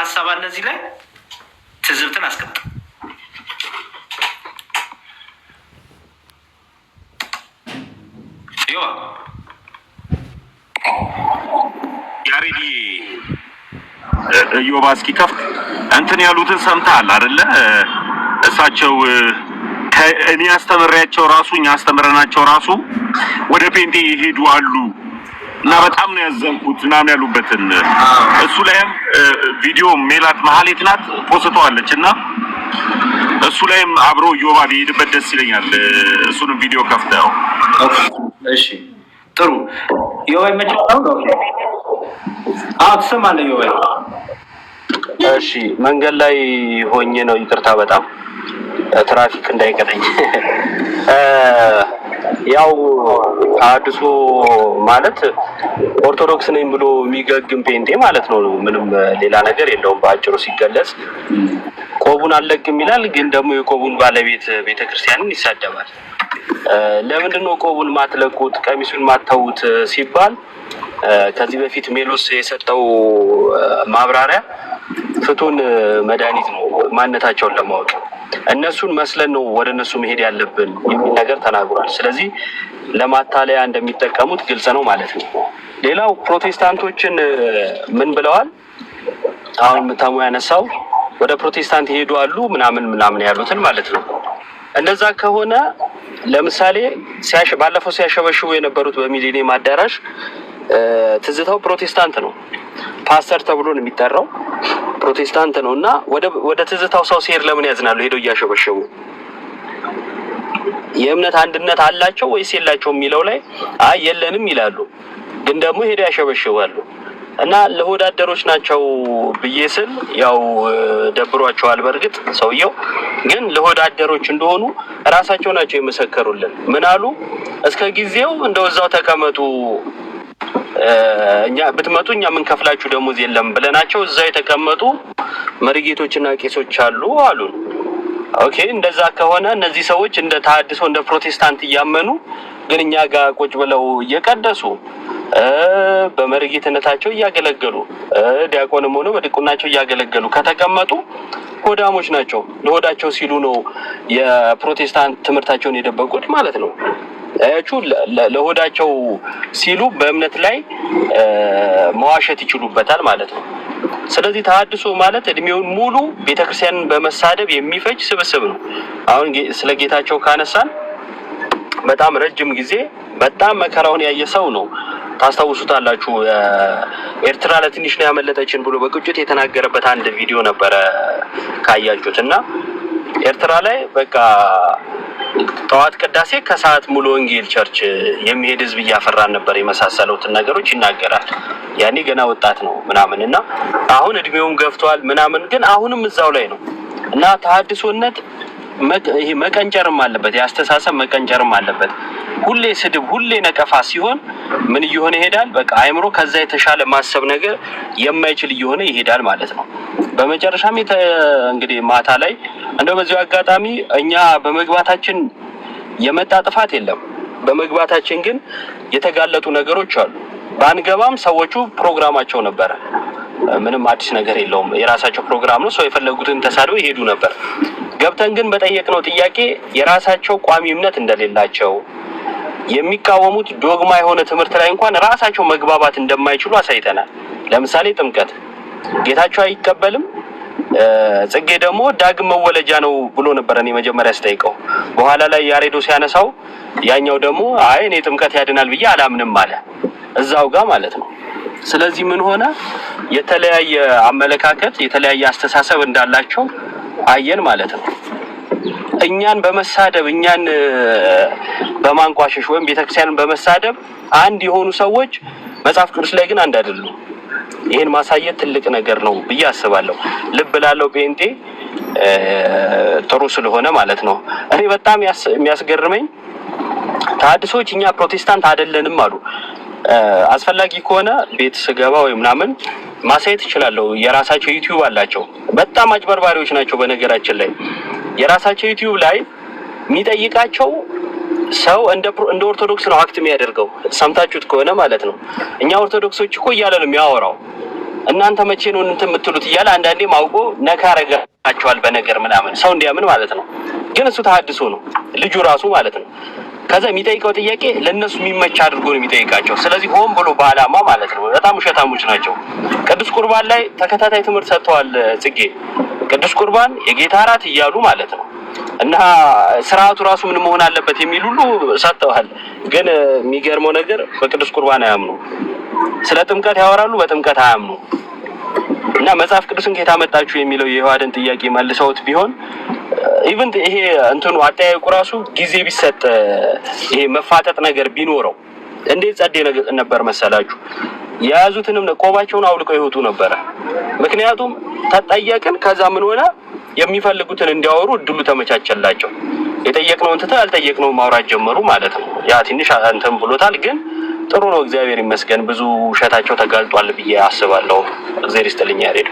ሀሳብ አለ እዚህ ላይ ትዝብትን አስቀምጥ። ያሬዲ ኢዮባ እንትን ያሉትን ሰምተሃል አይደለ? እሳቸው እኔ አስተምሬያቸው ራሱ እኛ አስተምረናቸው ራሱ ወደ ፔንቴ ይሄዱ አሉ እና በጣም ነው ያዘንኩት ምናምን ያሉበትን እሱ ላይም ቪዲዮ ሜላት መሀሌት ናት ፖስተዋለች እና እሱ ላይም አብሮ ዮባ ቢሄድበት ደስ ይለኛል። እሱንም ቪዲዮ ከፍተው እሺ፣ ጥሩ ዮባይ መጭ ትሰማለህ? ዮባ? እሺ፣ መንገድ ላይ ሆኜ ነው ይቅርታ፣ በጣም ትራፊክ እንዳይቀጠኝ። ያው አዲሱ ማለት ኦርቶዶክስ ነኝ ብሎ የሚገግም ጴንጤ ማለት ነው። ምንም ሌላ ነገር የለውም። በአጭሩ ሲገለጽ ቆቡን አልለቅም ይላል፣ ግን ደግሞ የቆቡን ባለቤት ቤተክርስቲያንን ይሳደባል። ለምንድን ነው ቆቡን ማትለቁት ቀሚሱን ማታውት ሲባል ከዚህ በፊት ሜሎስ የሰጠው ማብራሪያ ፍቱን መድኃኒት ነው ማንነታቸውን ለማወቅ እነሱን መስለን ነው ወደ እነሱ መሄድ ያለብን የሚል ነገር ተናግሯል። ስለዚህ ለማታለያ እንደሚጠቀሙት ግልጽ ነው ማለት ነው። ሌላው ፕሮቴስታንቶችን ምን ብለዋል? አሁን ምታሙ ያነሳው ወደ ፕሮቴስታንት ይሄዱ አሉ ምናምን ምናምን ያሉትን ማለት ነው። እንደዛ ከሆነ ለምሳሌ ባለፈው ሲያሸበሽቡ የነበሩት በሚሊኒየም አዳራሽ ትዝታው ፕሮቴስታንት ነው፣ ፓስተር ተብሎ ነው የሚጠራው ፕሮቴስታንት ነው እና ወደ ትዝታው ሰው ሲሄድ ለምን ያዝናሉ? ሄደው እያሸበሸቡ የእምነት አንድነት አላቸው ወይስ የላቸው የሚለው ላይ አይ የለንም ይላሉ፣ ግን ደግሞ ሄደው ያሸበሽባሉ። እና ለሆዳደሮች ናቸው ብዬ ስል ያው ደብሯቸዋል። በእርግጥ ሰውየው ግን ለሆዳደሮች አደሮች እንደሆኑ እራሳቸው ናቸው የመሰከሩልን። ምን አሉ? እስከ ጊዜው እንደው እዛው ተቀመጡ እኛ ብትመጡ እኛ የምንከፍላችሁ ደሞዝ የለም ብለናቸው እዛ የተቀመጡ መሪጌቶችና ቄሶች አሉ አሉን። ኦኬ እንደዛ ከሆነ እነዚህ ሰዎች እንደ ተሐድሶ እንደ ፕሮቴስታንት እያመኑ ግን እኛ ጋር ቁጭ ብለው እየቀደሱ በመርጌትነታቸው እያገለገሉ ዲያቆንም ሆነ በድቁናቸው እያገለገሉ ከተቀመጡ ሆዳሞች ናቸው። ለሆዳቸው ሲሉ ነው የፕሮቴስታንት ትምህርታቸውን የደበቁት ማለት ነው። አያችሁ፣ ለሆዳቸው ሲሉ በእምነት ላይ መዋሸት ይችሉበታል ማለት ነው። ስለዚህ ተሐድሶ ማለት እድሜውን ሙሉ ቤተክርስቲያንን በመሳደብ የሚፈጅ ስብስብ ነው። አሁን ስለ ጌታቸው ካነሳን በጣም ረጅም ጊዜ በጣም መከራውን ያየ ሰው ነው። ታስታውሱታላችሁ። ኤርትራ ለትንሽ ነው ያመለጠችን ብሎ በቅጭት የተናገረበት አንድ ቪዲዮ ነበረ ካያችሁት እና ኤርትራ ላይ በቃ ጠዋት ቅዳሴ ከሰዓት ሙሉ ወንጌል ቸርች የሚሄድ ህዝብ እያፈራን ነበር። የመሳሰሉትን ነገሮች ይናገራል። ያኔ ገና ወጣት ነው ምናምን እና አሁን እድሜውም ገፍቷል ምናምን፣ ግን አሁንም እዛው ላይ ነው እና ተሐድሶነት ይሄ መቀንጨርም አለበት፣ የአስተሳሰብ መቀንጨርም አለበት። ሁሌ ስድብ፣ ሁሌ ነቀፋ ሲሆን ምን እየሆነ ይሄዳል? በቃ አእምሮ ከዛ የተሻለ ማሰብ ነገር የማይችል እየሆነ ይሄዳል ማለት ነው። በመጨረሻም እንግዲህ ማታ ላይ እንደው በዚሁ አጋጣሚ እኛ በመግባታችን የመጣ ጥፋት የለም። በመግባታችን ግን የተጋለጡ ነገሮች አሉ። ባንገባም ሰዎቹ ፕሮግራማቸው ነበረ። ምንም አዲስ ነገር የለውም። የራሳቸው ፕሮግራም ነው። ሰው የፈለጉትን ተሳድበው ይሄዱ ነበር። ገብተን ግን በጠየቅነው ጥያቄ የራሳቸው ቋሚ እምነት እንደሌላቸው የሚቃወሙት ዶግማ የሆነ ትምህርት ላይ እንኳን ራሳቸው መግባባት እንደማይችሉ አሳይተናል። ለምሳሌ ጥምቀት ጌታቸው አይቀበልም። ጽጌ ደግሞ ዳግም መወለጃ ነው ብሎ ነበረ እኔ መጀመሪያ ስጠይቀው። በኋላ ላይ ያሬዶ ሲያነሳው ያኛው ደግሞ አይ እኔ ጥምቀት ያድናል ብዬ አላምንም አለ እዛው ጋር ማለት ነው። ስለዚህ ምን ሆነ? የተለያየ አመለካከት የተለያየ አስተሳሰብ እንዳላቸው አየን ማለት ነው። እኛን በመሳደብ እኛን በማንቋሸሽ ወይም ቤተክርስቲያንን በመሳደብ አንድ የሆኑ ሰዎች መጽሐፍ ቅዱስ ላይ ግን አንድ አይደሉም። ይህን ማሳየት ትልቅ ነገር ነው ብዬ አስባለሁ። ልብ ላለው ጴንጤ ጥሩ ስለሆነ ማለት ነው። እኔ በጣም የሚያስገርመኝ ተሐድሶች እኛ ፕሮቴስታንት አይደለንም አሉ። አስፈላጊ ከሆነ ቤት ስገባ ወይ ምናምን ማሳየት እችላለሁ። የራሳቸው ዩቲዩብ አላቸው። በጣም አጭበርባሪዎች ናቸው። በነገራችን ላይ የራሳቸው ዩቲዩብ ላይ የሚጠይቃቸው ሰው እንደ ኦርቶዶክስ ነው አክት የሚያደርገው። ሰምታችሁት ከሆነ ማለት ነው። እኛ ኦርቶዶክሶች እኮ እያለ ነው የሚያወራው። እናንተ መቼ ነው እንትን የምትሉት እያለ አንዳንዴም አውቆ ነካ ያረጋቸዋል በነገር ምናምን ሰው እንዲያምን ማለት ነው። ግን እሱ ተሐድሶ ነው ልጁ ራሱ ማለት ነው። ከዛ የሚጠይቀው ጥያቄ ለእነሱ የሚመቻ አድርጎ ነው የሚጠይቃቸው። ስለዚህ ሆን ብሎ በዓላማ ማለት ነው። በጣም ውሸታሞች ናቸው። ቅዱስ ቁርባን ላይ ተከታታይ ትምህርት ሰጥተዋል ጽጌ ቅዱስ ቁርባን የጌታ እራት እያሉ ማለት ነው። እና ስርዓቱ ራሱ ምን መሆን አለበት የሚል ሁሉ ሰጥተዋል። ግን የሚገርመው ነገር በቅዱስ ቁርባን አያምኑ። ስለ ጥምቀት ያወራሉ፣ በጥምቀት አያምኑ። እና መጽሐፍ ቅዱስን ከየት አመጣችሁ የሚለው የህዋደን ጥያቄ መልሰውት ቢሆን ኢቭን ይሄ እንትኑ አጠያየቁ ራሱ ጊዜ ቢሰጥ ይሄ መፋጠጥ ነገር ቢኖረው እንዴት ጸዴ ነበር መሰላችሁ? የያዙትንም ቆባቸውን አውልቀው ይወጡ ነበረ። ምክንያቱም ተጠየቅን፣ ከዛ ምን ሆነ የሚፈልጉትን እንዲያወሩ እድሉ ተመቻቸላቸው። የጠየቅነውን ትተህ አልጠየቅነውን ማውራት ጀመሩ ማለት ነው። ያ ትንሽ እንትን ብሎታል፣ ግን ጥሩ ነው። እግዚአብሔር ይመስገን ብዙ ውሸታቸው ተጋልጧል ብዬ አስባለሁ። እግዜር ይስጥልኝ ያሬድ።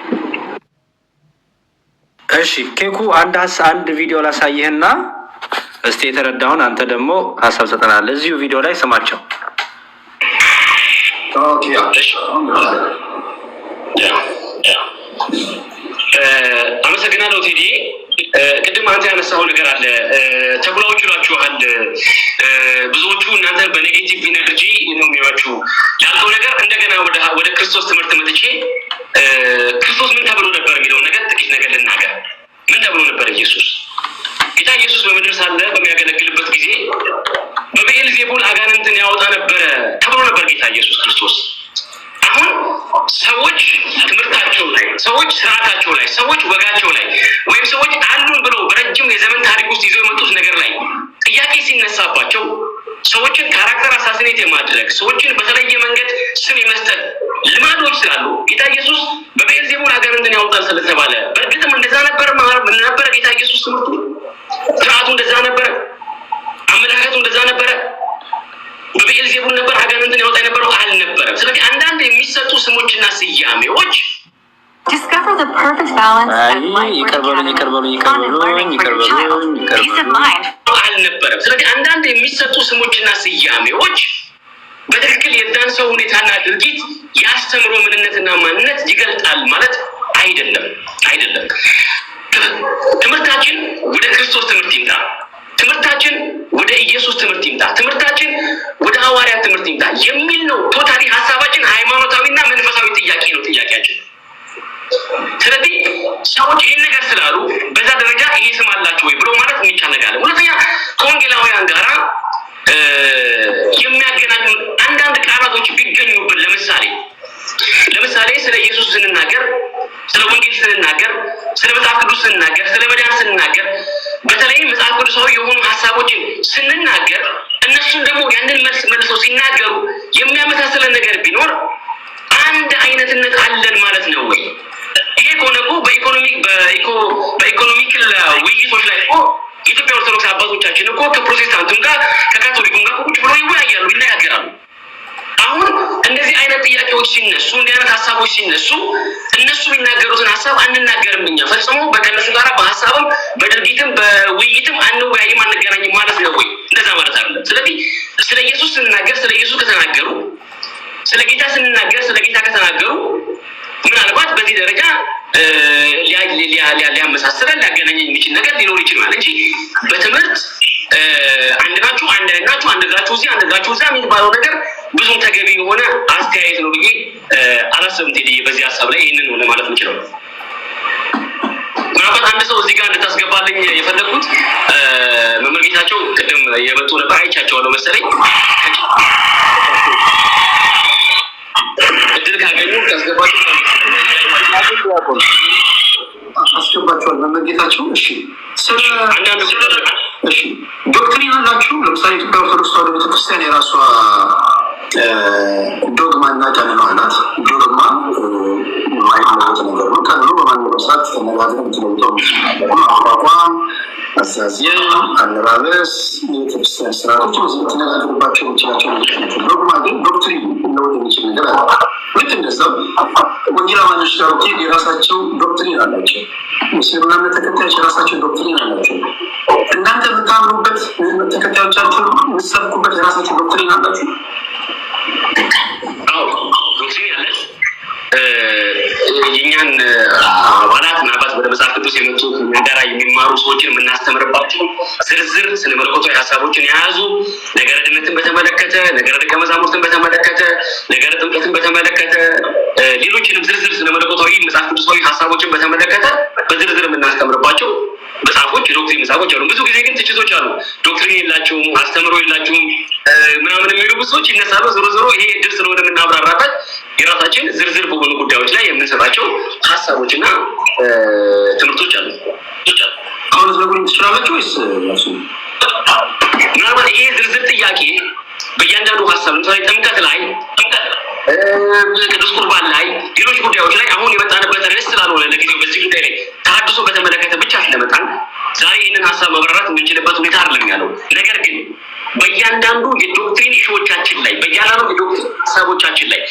እሺ ኬኩ አንድ አንድ ቪዲዮ ላሳይህና እስቲ የተረዳሁን አንተ ደግሞ ሀሳብ ሰጠናል። እዚሁ ቪዲዮ ላይ ስማቸው አመሰግናለሁ ቴዲ። ቅድም አንተ ያነሳው ነገር አለ፣ ተኩላዎች ይሏችኋል። ብዙዎቹ እናንተ በኔጌቲቭ ኢነርጂ ነው የሚሏችሁ ያልከው ነገር እንደገና ወደ ክርስቶስ ትምህርት መጥቼ ክርስቶስ ምን ተብሎ ነበር የሚለውን ነገር ጥቂት ነገር ልናገር። ምን ተብሎ ነበር ኢየሱስ ጌታ ኢየሱስ በምድር ሳለ በሚያገለግልበት ጊዜ በብኤል ዜቡል አጋንንትን ያወጣ ነበረ ተብሎ ነበር ጌታ ኢየሱስ ክርስቶስ። አሁን ሰዎች ትምህርታቸው ላይ፣ ሰዎች ስርዓታቸው ላይ፣ ሰዎች ወጋቸው ላይ ወይም ሰዎች አሉን ብለው በረጅም የዘመን ታሪክ ውስጥ ይዘው የመጡት ነገር ላይ ጥያቄ ሲነሳባቸው ሰዎችን ካራክተር አሳስኔት የማድረግ ሰዎችን በተለየ መንገድ ስም የመስጠት ልማዶች ስላሉ ጌታ ኢየሱስ በብኤል ዜቡል አጋንንትን ያወጣል ስለተባለ በእርግጥም እንደዛ ነበር ምን ነበረ? ጌታ ኢየሱስ ትምህርቱ ስርዓቱ እንደዛ ነበረ። አመለካከቱ እንደዛ ነበረ። በብኤል ዜቡል ነበር አጋንንትን ያወጣ የነበረው አልነበረም። ስለዚህ አንዳንድ የሚሰጡ ስሞችና ስያሜዎች አልነበረም። ስለዚህ አንዳንድ የሚሰጡ ስሞችና ስያሜዎች በትክክል የዛን ሰው ሁኔታና ድርጊት የአስተምሮ ምንነትና ማንነት ይገልጣል ማለት አይደለም አይደለም። ትምህርታችን ወደ ክርስቶስ ትምህርት ይምጣ። ትምህርታችን ወደ ኢየሱስ ትምህርት ይምጣ። ትምህርታችን ወደ ሐዋርያት ትምህርት ይምጣ የሚል ነው። ቶታሊ ሀሳባችን ሃይማኖታዊና መንፈሳዊ ጥያቄ ነው ጥያቄያችን። ስለዚህ ሰዎች ይህን ነገር ስላሉ በዛ ደረጃ ይሄ ስም አላቸው ወይ ብሎ ማለት የሚቻል ነገር አለ። ሁለተኛ ከወንጌላውያን ጋራ የሚያገናኙ አንዳንድ ቃላቶች ቢገኙብን ለምሳሌ ለምሳሌ ስለ ኢየሱስ ስንናገር፣ ስለ ወንጌል ስንናገር፣ ስለ መጽሐፍ ቅዱስ ስንናገር፣ ስለ መዳን ስንናገር፣ በተለይ መጽሐፍ ቅዱሳዊ የሆኑ ሀሳቦችን ስንናገር እነሱን ደግሞ ያንን መልስ መልሰው ሲናገሩ የሚያመሳሰለ ነገር ቢኖር አንድ አይነትነት አለን ማለት ነው ወይ? ይሄ ከሆነ እኮ በኢኮኖሚክ ውይይቶች ላይ እኮ የኢትዮጵያ ኦርቶዶክስ አባቶቻችን እኮ ከፕሮቴስታንቱም ጋር ከካቶሊኩም አይነት ጥያቄዎች ሲነሱ እንዲህ አይነት ሀሳቦች ሲነሱ እነሱ የሚናገሩትን ሀሳብ አንናገርም እኛ ፈጽሞ ከእነሱ ጋራ በሀሳብም በድርጊትም በውይይትም አንወያይም አንገናኝም ማለት ነው ወይ? እንደዛ ማለት አለ። ስለዚህ ስለ ኢየሱስ ስንናገር ስለ ኢየሱስ ከተናገሩ ስለ ጌታ ስንናገር ስለ ጌታ ከተናገሩ ምናልባት በዚህ ደረጃ ሊያመሳስረን ሊያገናኘን የሚችል ነገር ሊኖር ይችላል እንጂ በትምህርት አንድ እግራችሁ አንድ አይናችሁ አንድ እግራችሁ እዚህ አንድ እግራችሁ እዚያ የሚባለው ነገር ብዙ ተገቢ የሆነ አስተያየት ነው ብዬ አላሰብም። ቴዲ በዚህ ሀሳብ ላይ ይህንን ሆነ ማለት ምችለው ምናልባት አንድ ሰው እዚህ ጋር እንድታስገባልኝ የፈለግኩት መምህር ጌታቸው ቅድም የመጡ ነበር አይቻቸዋለሁ መሰለኝ። እድል ካገኙ ካስገባቸው አስገባቸዋል። መምህር ጌታቸው እሺ፣ ስለ አንዳንድ እሺ እንግዲህ ሁላችሁ ለምሳሌ ኢትዮጵያ ኦርቶዶክስ ተዋሕዶ ቤተክርስቲያን የራሷ ዶግማ እና ቀኖና አላት። ዶግማ ማይለወጥ ነገር ነው። ቀኖና በማንኛውም ሰዓት ተነጋግረን የምትለውጠው አቋቋም፣ አዛዝን፣ አለባበስ፣ የቤተክርስቲያን ስርዓቶች ተነጋግርባቸው የሚችላቸው ነገሮች ዶግማ ግን ዶክትሪን ሊለወጥ የሚችል ነገር አለ ልክ እንደዛው ወንጌል ማነች ጋር ውጤት የራሳቸው ዶክትሪን አላቸው። ሙስሊምና ተከታዮች የራሳቸው ዶክትሪን አላቸው። እናንተ የምታምኑበት ተከታዮቻቸው የምትሰብኩበት የራሳቸው ዶክትሪን አላችሁ። አዎ ዶክትሪን አለ። የእኛን አባላት ምናልባት ወደ መጽሐፍ ቅዱስ የመጡ እንዳራ የሚማሩ ሰዎችን የምናስተምር ዝርዝር ስለ መለኮታዊ ሀሳቦችን የያዙ ነገረ ድነትን በተመለከተ፣ ነገረ ደቀ መዛሙርትን በተመለከተ፣ ነገረ ጥምቀትን በተመለከተ፣ ሌሎችንም ዝርዝር ስለ መለኮታዊ መጽሐፍ ቅዱሳዊ ሀሳቦችን በተመለከተ በዝርዝር የምናስተምርባቸው መጽሐፎች የዶክትሪን መጽሐፎች አሉ። ብዙ ጊዜ ግን ትችቶች አሉ። ዶክትሪን የላቸውም፣ አስተምሮ የላቸውም ምናምን የሚሉ ብዙዎች ይነሳሉ። ዞሮ ዞሮ ይሄ እድል ስለሆነ የምናብራራበት የራሳችን ዝርዝር በሆኑ ጉዳዮች ላይ የምንሰጣቸው ሀሳቦችና ትምህርቶች አሉ። ከእውነት ነግሩኝ ትችላለች ወይስ ምናልባት ይሄ ዝርዝር ጥያቄ በእያንዳንዱ ሀሳብ ለምሳሌ ጥምቀት ላይ ቅዱስ ቁርባን ላይ ሌሎች ጉዳዮች ላይ አሁን የመጣንበት ርዕስ ስላልሆነ ለጊዜው በዚህ ጉዳይ ላይ ተሀድሶ በተመለከተ ብቻ ስለመጣን ዛሬ ይህንን ሀሳብ ማብራራት የምንችልበት ሁኔታ አይደለም ያለው። ነገር ግን በእያንዳንዱ የዶክትሪን ኢሹዎቻችን ላይ በእያንዳንዱ የዶክትሪን ሀሳቦቻችን ላይ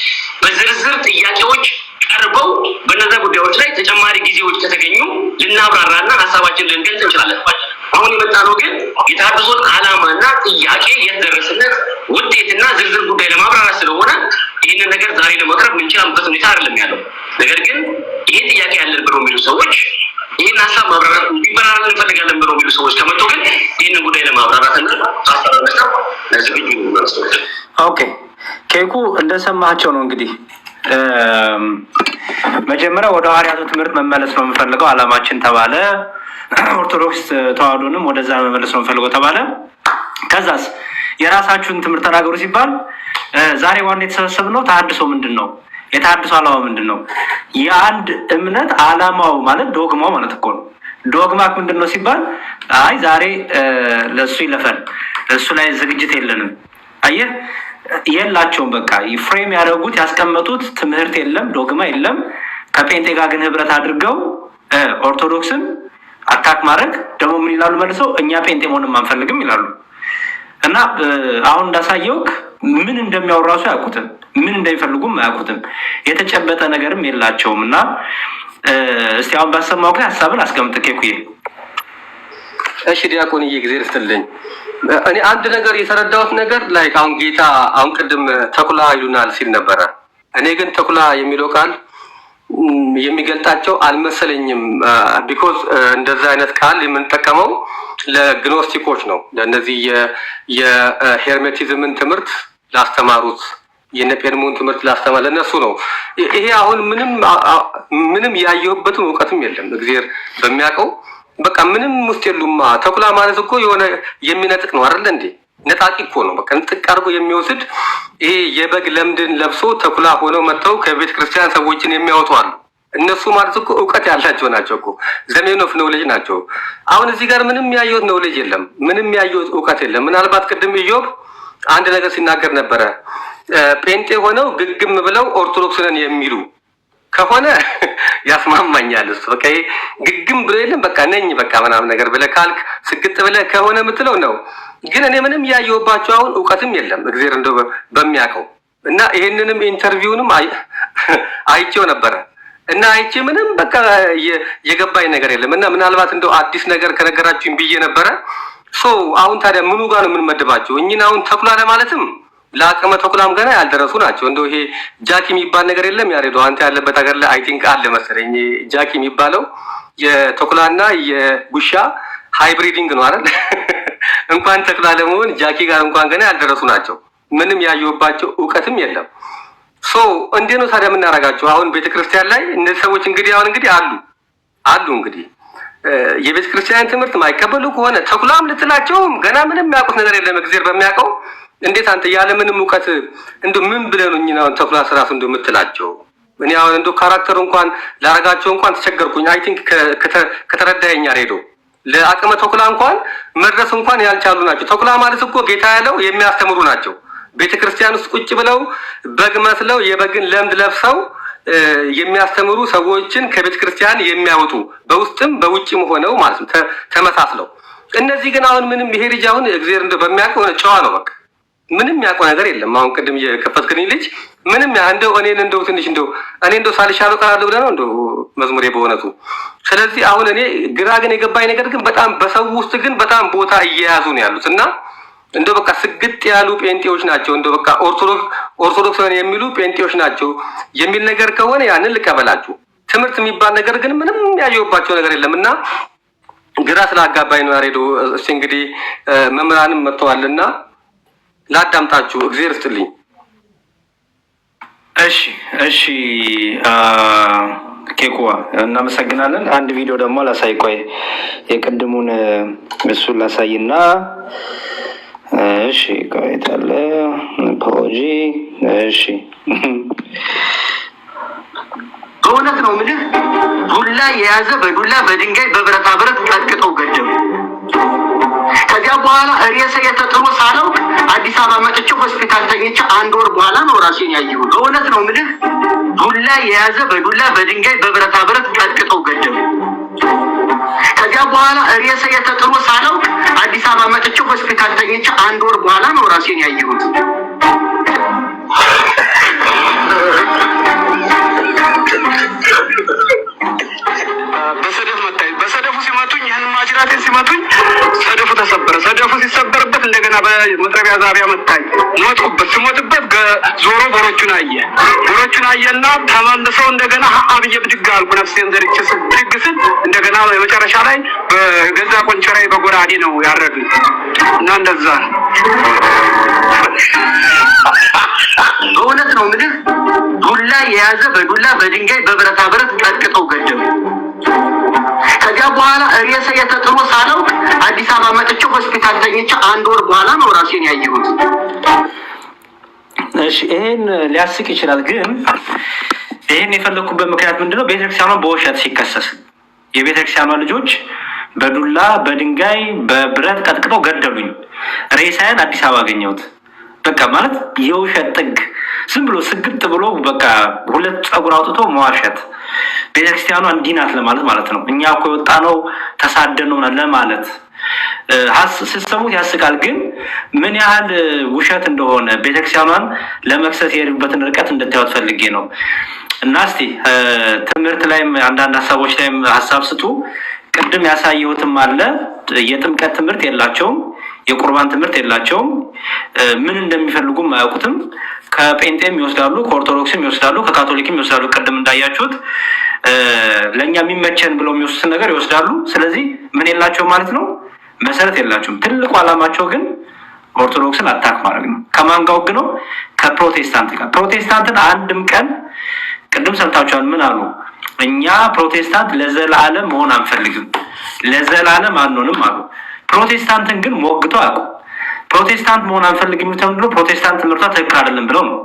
በዝርዝር ጥያቄዎች ቀርበው በነዛ ጉዳዮች ላይ ተጨማሪ ጊዜዎች ከተገኙ ልናብራራና ሀሳባችን ልንገልጽ እንችላለን። አሁን የመጣ ነው ግን የተሀድሶን ዓላማና ጥያቄ የተደረሰነት ውጤትና ዝርዝር ጉዳይ ለማብራራት ስለሆነ ይህንን ነገር ዛሬ ለማቅረብ ምንችላምበት ሁኔታ አይደለም ያለው። ነገር ግን ይህ ጥያቄ ያለን ብለው የሚሉ ሰዎች ይህን ሀሳብ ማብራራት እንዲበራራ እንፈልጋለን ብለው የሚሉ ሰዎች ከመጡ ግን ይህንን ጉዳይ ለማብራራትና ሀሳብ መስጠት ዝግጁ ኦኬ ኬኩ እንደሰማቸው ነው እንግዲህ መጀመሪያ ወደ ሐዋርያቱ ትምህርት መመለስ ነው የምፈልገው አላማችን ተባለ። ኦርቶዶክስ ተዋህዶንም ወደዛ መመለስ ነው የምፈልገው ተባለ። ከዛስ የራሳችሁን ትምህርት ተናገሩ ሲባል ዛሬ ዋና ነው ተሐድሶ ምንድን ነው? የተሐድሶ አላማ ምንድን ነው? የአንድ እምነት አላማው ማለት ዶግማው ማለት እኮ ነው። ዶግማክ ምንድን ነው ሲባል አይ ዛሬ ለእሱ ይለፈን፣ እሱ ላይ ዝግጅት የለንም። አየህ የላቸውም። በቃ ፍሬም ያደረጉት ያስቀመጡት ትምህርት የለም፣ ዶግማ የለም። ከጴንጤ ጋር ግን ህብረት አድርገው ኦርቶዶክስን አታክ ማድረግ ደግሞ ምን ይላሉ መልሰው እኛ ጴንጤ መሆንም አንፈልግም ይላሉ። እና አሁን እንዳሳየውክ ምን እንደሚያወሩ ራሱ አያውቁትም፣ ምን እንደሚፈልጉም አያውቁትም። የተጨበጠ ነገርም የላቸውም። እና እስቲ አሁን ባሰማው ሀሳብን አስቀምጥ ኬኩዬ እሺ ዲያቆንዬ ጊዜ ይስጥልኝ። እኔ አንድ ነገር የተረዳሁት ነገር ላይ አሁን ጌታ አሁን ቅድም ተኩላ ይሉናል ሲል ነበረ። እኔ ግን ተኩላ የሚለው ቃል የሚገልጣቸው አልመሰለኝም። ቢኮዝ እንደዛ አይነት ቃል የምንጠቀመው ለግኖስቲኮች ነው፣ ለእነዚህ የሄርሜቲዝምን ትምህርት ላስተማሩት የነጴንሙን ትምህርት ላስተማር ለእነሱ ነው። ይሄ አሁን ምንም ምንም ያየሁበትም እውቀትም የለም። እግዜር በሚያውቀው በቃ ምንም ውስጥ የሉማ። ተኩላ ማለት እኮ የሆነ የሚነጥቅ ነው አይደለ እንዴ? ነጣቂ እኮ ነው። በቃ ንጥቅ አድርጎ የሚወስድ ይሄ የበግ ለምድን ለብሶ ተኩላ ሆነው መጥተው ከቤተ ክርስቲያን ሰዎችን የሚያወጡ አሉ። እነሱ ማለት እኮ እውቀት ያላቸው ናቸው እኮ ዘሜን ኦፍ ነውሌጅ ናቸው። አሁን እዚህ ጋር ምንም ያየሁት ነውሌጅ የለም፣ ምንም ያየሁት እውቀት የለም። ምናልባት ቅድም እዮብ አንድ ነገር ሲናገር ነበረ። ጴንጤ ሆነው ግግም ብለው ኦርቶዶክስ ነን የሚሉ ከሆነ ያስማማኛል። እሱ በቃ ግግም ብሎ የለም በቃ ነኝ በቃ ምናምን ነገር ብለህ ካልክ ስግጥ ብለህ ከሆነ የምትለው ነው። ግን እኔ ምንም ያየሁባቸው አሁን እውቀትም የለም እግዜር እንደው በሚያውቀው እና ይህንንም ኢንተርቪውንም አይቼው ነበረ እና አይቼ ምንም በቃ የገባኝ ነገር የለም እና ምናልባት እንደው አዲስ ነገር ከነገራችሁኝ ብዬ ነበረ። ሶ አሁን ታዲያ ምኑ ጋር ነው የምንመድባቸው እኝን አሁን ተኩላ ለማለትም ለአቅመ ተኩላም ገና ያልደረሱ ናቸው። እንደው ይሄ ጃክ የሚባል ነገር የለም ያሬዶ አንተ ያለበት ሀገር ላይ አይ ቲንክ አለ መሰለኝ። ጃክ የሚባለው የተኩላና የጉሻ ሃይብሪዲንግ ነው አይደል? እንኳን ተኩላ ለመሆን ጃኪ ጋር እንኳን ገና ያልደረሱ ናቸው። ምንም ያየሁባቸው እውቀትም የለም። ሶ እንዴት ነው ታዲያ የምናደርጋቸው? አሁን ቤተክርስቲያን ላይ እነዚህ ሰዎች እንግዲህ አሁን እንግዲህ አሉ አሉ እንግዲህ የቤተክርስቲያን ትምህርት ማይቀበሉ ከሆነ ተኩላም ልትላቸውም ገና ምንም የሚያውቁት ነገር የለም። እግዜር በሚያውቀው እንዴት አንተ ያለምንም እውቀት እንደ ምን ብለኑኝ ነው ተኩላ ስራሱ እንደ የምትላቸው እኔ አሁን እንደ ካራክተር እንኳን ላረጋቸው እንኳን ተቸገርኩኝ። አይ ቲንክ ከተረዳኛ ሬዶ ለአቅመ ተኩላ እንኳን መድረስ እንኳን ያልቻሉ ናቸው። ተኩላ ማለት እኮ ጌታ ያለው የሚያስተምሩ ናቸው። ቤተ ክርስቲያን ውስጥ ቁጭ ብለው በግ መስለው የበግን ለምድ ለብሰው የሚያስተምሩ ሰዎችን ከቤተ ክርስቲያን የሚያወጡ በውስጥም በውጭም ሆነው ማለት ነው ተመሳስለው። እነዚህ ግን አሁን ምንም ይሄ ልጅ አሁን እግዚአብሔር እንደ በሚያውቅ ሆነ ጨዋ ነው በቃ ምንም ያውቀው ነገር የለም። አሁን ቅድም የከፈትክልኝ ልጅ ምንም እንደው እኔን እንደው ትንሽ እንደው እኔ እንደው ሳልሻለው ቀራለሁ ብለህ ነው እንደው መዝሙሬ በእውነቱ። ስለዚህ አሁን እኔ ግራ ግን የገባኝ ነገር ግን በጣም በሰው ውስጥ ግን በጣም ቦታ እየያዙ ነው ያሉት እና እንደው በቃ ስግጥ ያሉ ጴንጤዎች ናቸው እንደው በቃ ኦርቶዶክስ የሚሉ ጴንጤዎች ናቸው የሚል ነገር ከሆነ ያንን ልቀበላችሁ። ትምህርት የሚባል ነገር ግን ምንም ያየውባቸው ነገር የለም እና ግራ ስላጋባኝ ነው ያሬዶ። እስኪ እንግዲህ መምህራንም መጥተዋል እና ላዳምጣችሁ። እግዜር ይስጥልኝ። እሺ፣ እሺ ኬኩዋ እናመሰግናለን። አንድ ቪዲዮ ደግሞ ላሳይ፣ ቆይ የቅድሙን እሱን ላሳይና እሺ፣ ቆይታለ ፖጂ እሺ፣ በእውነት ነው ምልህ ዱላ የያዘ በዱላ በድንጋይ በብረታ ብረት ቀጥቅጠው ገደሙ። ከዚያ በኋላ ሬሳ የተጥሎ ሳለው አዲስ አበባ መጥቼ ሆስፒታል ተኝቼ አንድ ወር በኋላ ነው ራሴን ያየሁ። በእውነት ነው ምልህ ዱላ የያዘ በዱላ በድንጋይ በብረታ ብረት ቀጥቅጠው ገደሉ። ከዚያ በኋላ ሬሳ የተጥሎ ሳለው አዲስ አበባ መጥቼ ሆስፒታል ተኝቼ አንድ ወር በኋላ ነው ራሴን ያየሁት። በሰደፍ መታኝ። በሰደፉ ሲመቱኝ፣ ይህን ማጅራቴን ሲመቱኝ ተሰበረ። ሰደፉ ሲሰበርበት እንደገና በመጥረቢያ ዛቢያ መታኝ። ሞትኩበት። ስሞትበት ዞሮ ቦሮቹን አየ። ቦሮቹን አየና ተመልሰው እንደገና አብዬ ብድግ አልኩ። ነፍሴን ዘርቼ ብድግ ስል እንደገና በመጨረሻ ላይ በገዛ ቆንጨራዬ በጎራዴ ነው ያረግ እና እንደዛ ነው። በእውነት ነው ምልህ ዱላ የያዘ በዱላ በድንጋይ በብረታ ብረት ቀጥቅጠው ገደሉ። ከዚያ በኋላ ሬሳ የተጥሎ ሳለው አዲስ አበባ መጥቼ ሆስፒታል ተኝቼ አንድ ወር በኋላ ነው ራሴን ያየሁት። እሺ ይሄን ሊያስቅ ይችላል፣ ግን ይሄን የፈለግኩበት ምክንያት ምንድነው? ቤተክርስቲያኗ በውሸት ሲከሰስ የቤተክርስቲያኗ ልጆች በዱላ በድንጋይ በብረት ቀጥቅጠው ገደሉኝ፣ ሬሳዬን አዲስ አበባ አገኘሁት። በቃ ማለት የውሸት ጥግ ዝም ብሎ ስግጥ ብሎ በቃ ሁለት ፀጉር አውጥቶ መዋሸት ቤተክርስቲያኗ እንዲህ ናት ለማለት ማለት ነው። እኛ እኮ የወጣ ነው ተሳደን ነው ለማለት ስትሰሙት ያስቃል። ግን ምን ያህል ውሸት እንደሆነ ቤተክርስቲያኗን ለመክሰስ የሄዱበትን ርቀት እንድታዩት ፈልጌ ነው። እና እስቲ ትምህርት ላይም አንዳንድ ሀሳቦች ላይም ሀሳብ ስጡ። ቅድም ያሳየሁትም አለ። የጥምቀት ትምህርት የላቸውም፣ የቁርባን ትምህርት የላቸውም፣ ምን እንደሚፈልጉም አያውቁትም። ከጴንጤም ይወስዳሉ፣ ከኦርቶዶክስም ይወስዳሉ፣ ከካቶሊክም ይወስዳሉ። ቅድም እንዳያችሁት ለእኛ የሚመቸን ብለው የሚወስዱትን ነገር ይወስዳሉ። ስለዚህ ምን የላቸው ማለት ነው? መሰረት የላቸውም። ትልቁ ዓላማቸው ግን ኦርቶዶክስን አታክ ማድረግ ነው። ከማን ጋር ከፕሮቴስታንት ጋር። ፕሮቴስታንትን አንድም ቀን ቅድም ሰምታችኋል። ምን አሉ? እኛ ፕሮቴስታንት ለዘላለም መሆን አንፈልግም፣ ለዘላለም አንሆንም አሉ። ፕሮቴስታንትን ግን ሞግተው አያውቁም። ፕሮቴስታንት መሆን አንፈልግም ተብሎ ፕሮቴስታንት ትምህርቷ ትክክል አይደለም ብለው ነው።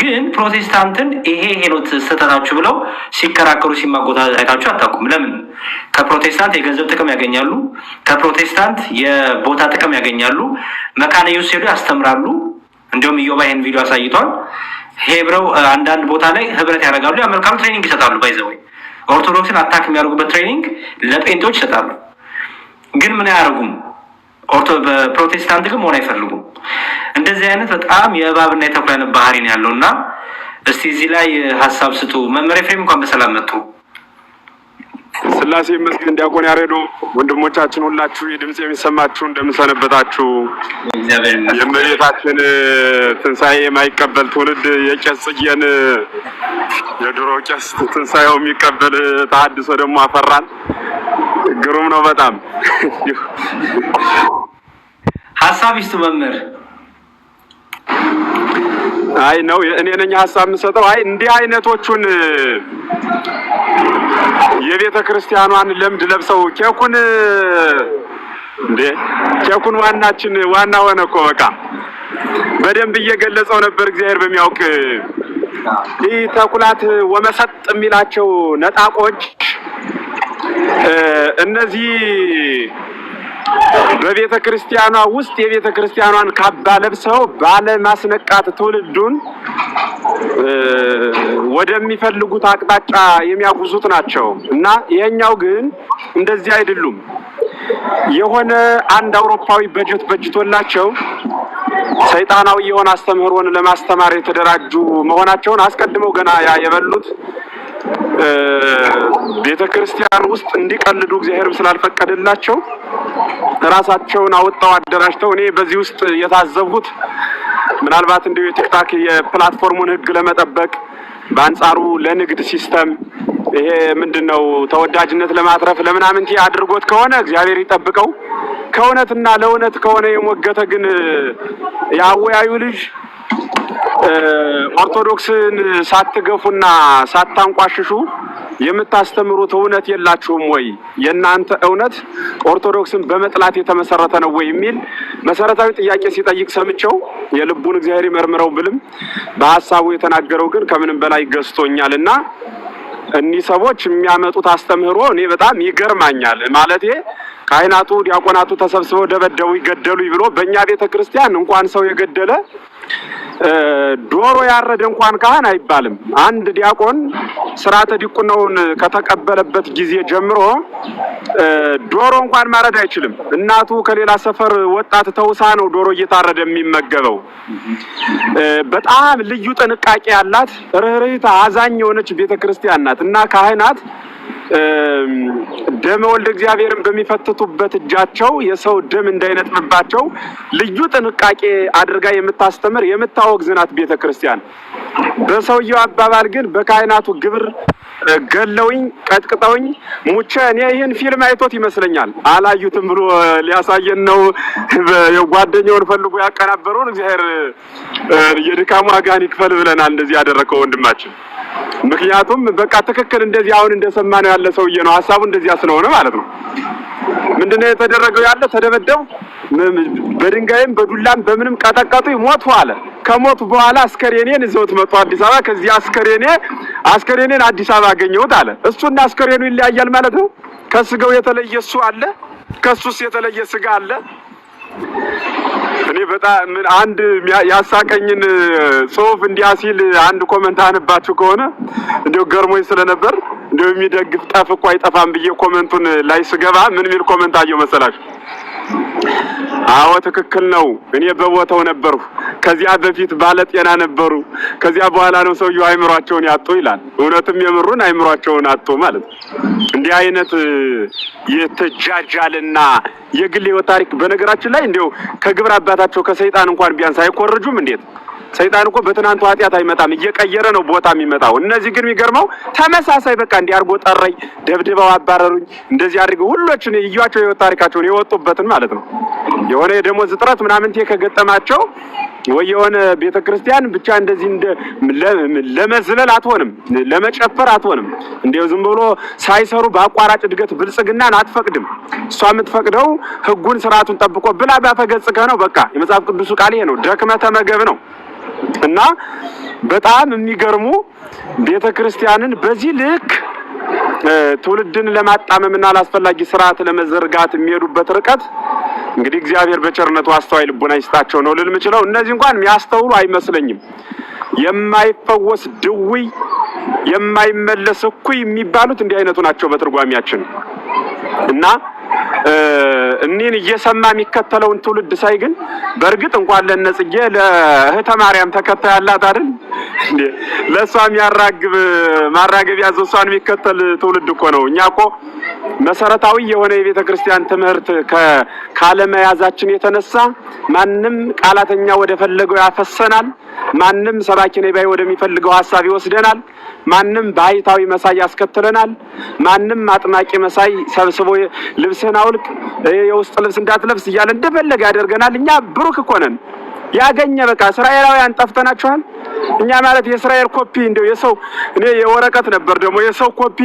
ግን ፕሮቴስታንትን ይሄ ሄኖት ስተታችሁ ብለው ሲከራከሩ ሲማጎታ አይታችሁ አታውቁም። ለምን? ከፕሮቴስታንት የገንዘብ ጥቅም ያገኛሉ። ከፕሮቴስታንት የቦታ ጥቅም ያገኛሉ። መካነ ኢየሱስ ሄዱ ያስተምራሉ። እንዲሁም እዮባ ይህን ቪዲዮ አሳይቷል። ሄብረው አንዳንድ ቦታ ላይ ህብረት ያደርጋሉ፣ ያመልካሉ፣ ትሬኒንግ ይሰጣሉ። ባይዘወይ ኦርቶዶክስን አታክ የሚያደርጉበት ትሬኒንግ ለጴንቶች ይሰጣሉ። ግን ምን አያደርጉም በፕሮቴስታንት ግን መሆን አይፈልጉም። እንደዚህ አይነት በጣም የእባብና የተኩላን ባህሪ ነው ያለው እና እስቲ እዚህ ላይ ሀሳብ ስጡ። መምህር ኤፍሬም እንኳን በሰላም መጡ። ስላሴ ይመስገን። ዲያቆን ያሬዶ ወንድሞቻችን ሁላችሁ የድምፅ የሚሰማችሁ እንደምንሰነበታችሁ። የእመቤታችን ትንሣኤ የማይቀበል ትውልድ የቄስ ጽጌን የድሮ ቄስ ትንሣኤው የሚቀበል ተሀድሶ ደግሞ አፈራን። ግሩም ነው በጣም ሀሳብ ይስጡ መምህር። አይ ነው እኔ ነኝ ሀሳብ የምሰጠው። አይ እንዲህ አይነቶቹን የቤተ ክርስቲያኗን ለምድ ለብሰው ኬኩን እንዴ ኬኩን ዋናችን ዋና ሆነ እኮ በቃ በደንብ እየገለጸው ነበር እግዚአብሔር በሚያውቅ ይህ ተኩላት ወመሰጥ የሚላቸው ነጣቆች እነዚህ በቤተ ክርስቲያኗ ውስጥ የቤተ ክርስቲያኗን ካባ ለብሰው ባለማስነቃት ትውልዱን ወደሚፈልጉት አቅጣጫ የሚያጉዙት ናቸው እና ይሄኛው ግን እንደዚህ አይደሉም። የሆነ አንድ አውሮፓዊ በጀት በጅቶላቸው ሰይጣናዊ የሆነ አስተምህሮን ለማስተማር የተደራጁ መሆናቸውን አስቀድመው ገና ያ የበሉት ቤተ ክርስቲያን ውስጥ እንዲቀልዱ እግዚአብሔር ስላልፈቀደላቸው ራሳቸውን አወጣው አደራጅተው እኔ በዚህ ውስጥ የታዘብኩት ምናልባት እንዲሁ የቲክታክ የፕላትፎርሙን ህግ ለመጠበቅ በአንጻሩ ለንግድ ሲስተም ይሄ ምንድን ነው ተወዳጅነት ለማትረፍ ለምናምንቲ አድርጎት ከሆነ እግዚአብሔር ይጠብቀው። ከእውነትና ለእውነት ከሆነ የሞገተ ግን የአወያዩ ልጅ ኦርቶዶክስን ሳትገፉና ሳታንቋሽሹ የምታስተምሩት እውነት የላችሁም ወይ? የእናንተ እውነት ኦርቶዶክስን በመጥላት የተመሰረተ ነው ወይ የሚል መሰረታዊ ጥያቄ ሲጠይቅ ሰምቸው የልቡን እግዚአብሔር ይመርምረው ብልም በሀሳቡ የተናገረው ግን ከምንም በላይ ገዝቶኛል እና እኒህ ሰዎች የሚያመጡት አስተምህሮ እኔ በጣም ይገርማኛል። ማለት ካህናቱ፣ ዲያቆናቱ ተሰብስበው ደበደቡ፣ ይገደሉ ብሎ በእኛ ቤተ ክርስቲያን እንኳን ሰው የገደለ ዶሮ ያረደ እንኳን ካህን አይባልም። አንድ ዲያቆን ስርዓተ ዲቁናውን ከተቀበለበት ጊዜ ጀምሮ ዶሮ እንኳን ማረድ አይችልም። እናቱ ከሌላ ሰፈር ወጣት ተውሳ ነው ዶሮ እየታረደ የሚመገበው። በጣም ልዩ ጥንቃቄ ያላት ርኅርኅታ አዛኝ የሆነች ቤተክርስቲያን ናት እና ካህናት ደመ ወልድ እግዚአብሔርን በሚፈትቱበት እጃቸው የሰው ደም እንዳይነጥብባቸው ልዩ ጥንቃቄ አድርጋ የምታስተምር የምታወግ ዝናት ቤተ ክርስቲያን። በሰውየው አባባል ግን በካህናቱ ግብር ገለውኝ ቀጥቅጠውኝ ሙቸ እኔ ይህን ፊልም አይቶት ይመስለኛል። አላዩትም ብሎ ሊያሳየን ነው። ጓደኛውን ፈልጎ ያቀናበረውን እግዚአብሔር የድካሙ ዋጋን ይክፈል ብለናል። እንደዚህ ያደረገው ወንድማችን ምክንያቱም በቃ ትክክል እንደዚህ አሁን እንደሰማነው ያለ ሰውዬ ነው። ሀሳቡ እንደዚያ ስለሆነ ማለት ነው። ምንድነው የተደረገው? ያለ ተደበደቡ፣ በድንጋይም በዱላም በምንም ቀጠቀጡ፣ ሞቱ አለ። ከሞቱ በኋላ አስከሬኔን እዛው ይዘውት መጡ አዲስ አበባ። ከዚህ አስከሬኔ አስከሬኔን አዲስ አበባ አገኘሁት አለ። እሱና አስከሬኑ ይለያያል ማለት ነው። ከስጋው የተለየ እሱ አለ፣ ከሱስ የተለየ ስጋ አለ። እኔ በጣም አንድ ያሳቀኝን ጽሁፍ እንዲያ ሲል አንድ ኮመንት አነባችሁ ከሆነ እንዲያው ገርሞኝ ስለነበር እንዲያው የሚደግፍ ጠፍ እኮ አይጠፋም ብዬ ኮመንቱን ላይ ስገባ ምን ሚል ኮመንት አየሁ መሰላችሁ? አዎ ትክክል ነው። እኔ በቦታው ነበርሁ። ከዚያ በፊት ባለ ጤና ነበሩ። ከዚያ በኋላ ነው ሰውየው አይምሯቸውን ያጡ ይላል። እውነትም የምሩን አይምሯቸውን አጡ ማለት ነው። እንዲህ አይነት የተጃጃልና የግል ህይወት ታሪክ በነገራችን ላይ እንዲያው ከግብረ አባታቸው ከሰይጣን እንኳን ቢያንስ አይኮርጁም እንዴት ሰይጣን እኮ በትናንቱ ኃጢአት አይመጣም፣ እየቀየረ ነው ቦታ የሚመጣው። እነዚህ ግን የሚገርመው ተመሳሳይ በቃ እንዲህ አድርጎ ጠረኝ፣ ደብድበው አባረሩኝ፣ እንደዚህ አድርገው ሁሎችን እያቸው የወጣ ታሪካቸውን የወጡበትን ማለት ነው የሆነ የደሞዝ እጥረት ምናምን ከገጠማቸው ወይ የሆነ ቤተ ክርስቲያን ብቻ እንደዚህ ለመዝለል አትሆንም፣ ለመጨፈር አትሆንም። እንደው ዝም ብሎ ሳይሰሩ በአቋራጭ እድገት ብልጽግናን አትፈቅድም። እሷ የምትፈቅደው ህጉን ስርዓቱን ጠብቆ ብላ ባፈገጽከ ነው። በቃ የመጽሐፍ ቅዱሱ ቃል ይሄ ነው። ደክመ ተመገብ ነው። እና በጣም የሚገርሙ ቤተ ክርስቲያንን በዚህ ልክ ትውልድን ለማጣመምና ላስፈላጊ ስርዓት ለመዘርጋት የሚሄዱበት ርቀት እንግዲህ እግዚአብሔር በቸርነቱ አስተዋይ ልቡና ይስጣቸው ነው ልል ምችለው። እነዚህ እንኳን የሚያስተውሉ አይመስለኝም። የማይፈወስ ድውይ፣ የማይመለስ እኩይ የሚባሉት እንዲህ አይነቱ ናቸው በትርጓሚያችን እና እኔን እየሰማ የሚከተለውን ትውልድ ሳይ ግን በእርግጥ እንኳን ለነጽጌ ለእህተ ማርያም ተከታይ አላት አይደል? ለእሷ የሚያራግብ ማራገብ ያዘው እሷን የሚከተል ትውልድ እኮ ነው። እኛ እኮ መሰረታዊ የሆነ የቤተ ክርስቲያን ትምህርት ካለመያዛችን የተነሳ ማንም ቃላተኛ ወደ ፈለገው ያፈሰናል። ማንም ሰባኪ ነኝ ባይ ወደሚፈልገው ሀሳብ ይወስደናል። ማንም ባህታዊ መሳይ ያስከትለናል። ማንም አጥማቂ መሳይ ሰብስቦ ልብስህን አውልቅ፣ የውስጥ ልብስ እንዳትለብስ እያለ እንደፈለገ ያደርገናል። እኛ ብሩክ እኮ ነን። ያገኘ በቃ እስራኤላውያን ጠፍተናችኋል። እኛ ማለት የእስራኤል ኮፒ እንደው የሰው እኔ የወረቀት ነበር ደግሞ የሰው ኮፒ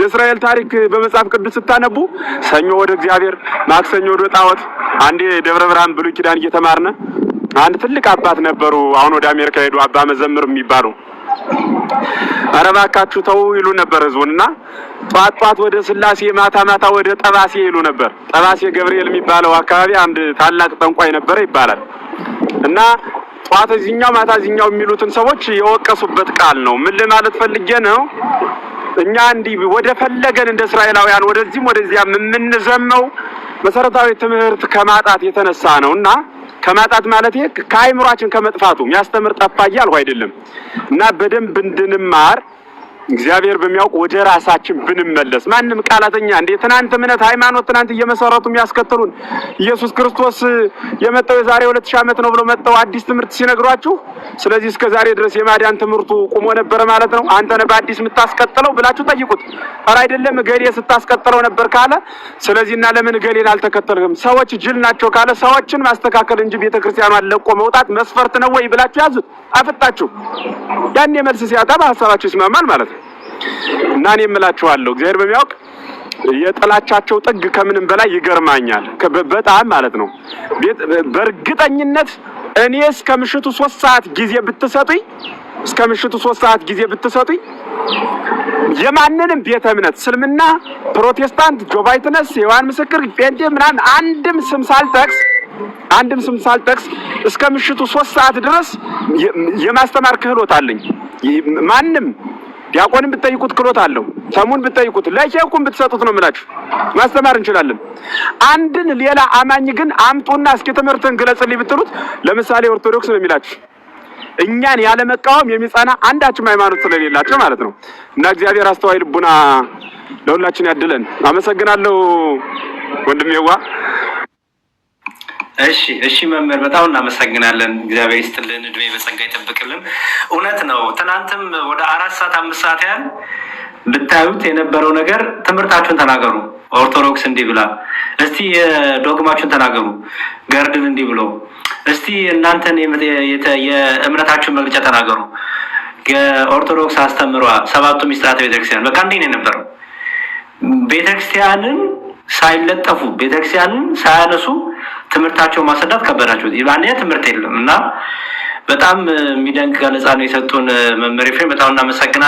የእስራኤል ታሪክ በመጽሐፍ ቅዱስ ስታነቡ ሰኞ ወደ እግዚአብሔር፣ ማክሰኞ ወደ ጣዖት። አንዴ ደብረ ብርሃን ብሉይ ኪዳን እየተማርነ አንድ ትልቅ አባት ነበሩ፣ አሁን ወደ አሜሪካ ሄዱ፣ አባ መዘምር የሚባሉ ኧረ እባካችሁ ተው ይሉ ነበር ህዝቡንና ጧት ጧት ወደ ስላሴ ማታ ማታ ወደ ጠባሴ ይሉ ነበር። ጠባሴ ገብርኤል የሚባለው አካባቢ አንድ ታላቅ ጠንቋይ ነበረ ይባላል እና ጧት እዚህኛው ማታ እዚህኛው የሚሉትን ሰዎች የወቀሱበት ቃል ነው። ምን ለማለት ፈልጌ ነው? እኛ እንዲህ ወደ ፈለገን እንደ እስራኤላውያን ወደዚህም ወደዚያም የምንዘመው መሰረታዊ ትምህርት ከማጣት የተነሳ ነው እና ከማጣት ማለት ከአይምሯችን ከመጥፋቱ የሚያስተምር ጠፋ እያልሁ አይደለም እና በደንብ እንድንማር እግዚአብሔር በሚያውቅ ወደ ራሳችን ብንመለስ ማንም ቃላተኛ እንደ ትናንት እምነት ሃይማኖት ትናንት እየመሰረቱ የሚያስከትሉን ኢየሱስ ክርስቶስ የመጣው የዛሬ ሁለት ሺህ ዓመት ነው ብሎ መጣው አዲስ ትምህርት ሲነግሯችሁ፣ ስለዚህ እስከ ዛሬ ድረስ የማዳን ትምህርቱ ቁሞ ነበረ ማለት ነው። አንተ ነህ በአዲስ የምታስቀጥለው ብላችሁ ጠይቁት። ኧረ አይደለም እገሌ ስታስቀጥለው ነበር ካለ፣ ስለዚህ እና ለምን እገሌን አልተከተልህም ሰዎች ጅል ናቸው ካለ፣ ሰዎችን ማስተካከል እንጂ ቤተክርስቲያኗን ለቆ መውጣት መስፈርት ነው ወይ ብላችሁ ያዙት አፈጣችሁ። ያኔ መልስ ሲያጣ በሀሳባችሁ ይስማማል ማለት ነው። እና እኔ እምላችኋለሁ እግዚአብሔር በሚያውቅ የጥላቻቸው ጥግ ከምንም በላይ ይገርማኛል። በጣም ማለት ነው። በእርግጠኝነት እኔ እስከ ምሽቱ ሶስት ሰዓት ጊዜ ብትሰጡኝ እስከ ምሽቱ ሶስት ሰዓት ጊዜ ብትሰጡኝ የማንንም ቤተ እምነት እስልምና፣ ፕሮቴስታንት፣ ጆቫይትነስ፣ የዋን ምስክር፣ ጴንጤ ምናምን አንድም ስም ሳልጠቅስ አንድም ስም ሳልጠቅስ እስከ ምሽቱ ሶስት ሰዓት ድረስ የማስተማር ክህሎት አለኝ። ማንም ዲያቆንን ብትጠይቁት ክሎት አለው። ሰሙን ብትጠይቁት፣ ለሼኩን ብትሰጡት ነው የምላችሁ። ማስተማር እንችላለን። አንድን ሌላ አማኝ ግን አምጡና እስኪ ትምህርትን ግለጽልኝ ብትሉት፣ ለምሳሌ ኦርቶዶክስ ነው የሚላችሁ። እኛን ያለመቃወም የሚጸና አንዳችም ሃይማኖት ስለሌላቸው ማለት ነው። እና እግዚአብሔር አስተዋይ ልቡና ለሁላችን ያድለን። አመሰግናለሁ ወንድሜዋ። እሺ እሺ፣ መምህር በጣም እናመሰግናለን። እግዚአብሔር ይስጥልን፣ እድሜ በጸጋ ይጠብቅልን። እውነት ነው። ትናንትም ወደ አራት ሰዓት አምስት ሰዓት ያህል ብታዩት የነበረው ነገር ትምህርታችሁን ተናገሩ፣ ኦርቶዶክስ እንዲህ ብላ፣ እስቲ የዶግማችሁን ተናገሩ፣ ገርድን እንዲህ ብሎ፣ እስቲ እናንተን የእምነታችሁን መግለጫ ተናገሩ፣ የኦርቶዶክስ አስተምሯ፣ ሰባቱ ሚስጥራተ ቤተክርስቲያን። በቃ እንዲህ ነው የነበረው ቤተክርስቲያንን ሳይለጠፉ ቤተክርስቲያንን ሳያነሱ ትምህርታቸው ማስረዳት ከበዳቸው። አንደኛ ትምህርት የለም እና በጣም የሚደንቅ ገለጻ ነው የሰጡን መምህር በጣም እናመሰግናለን።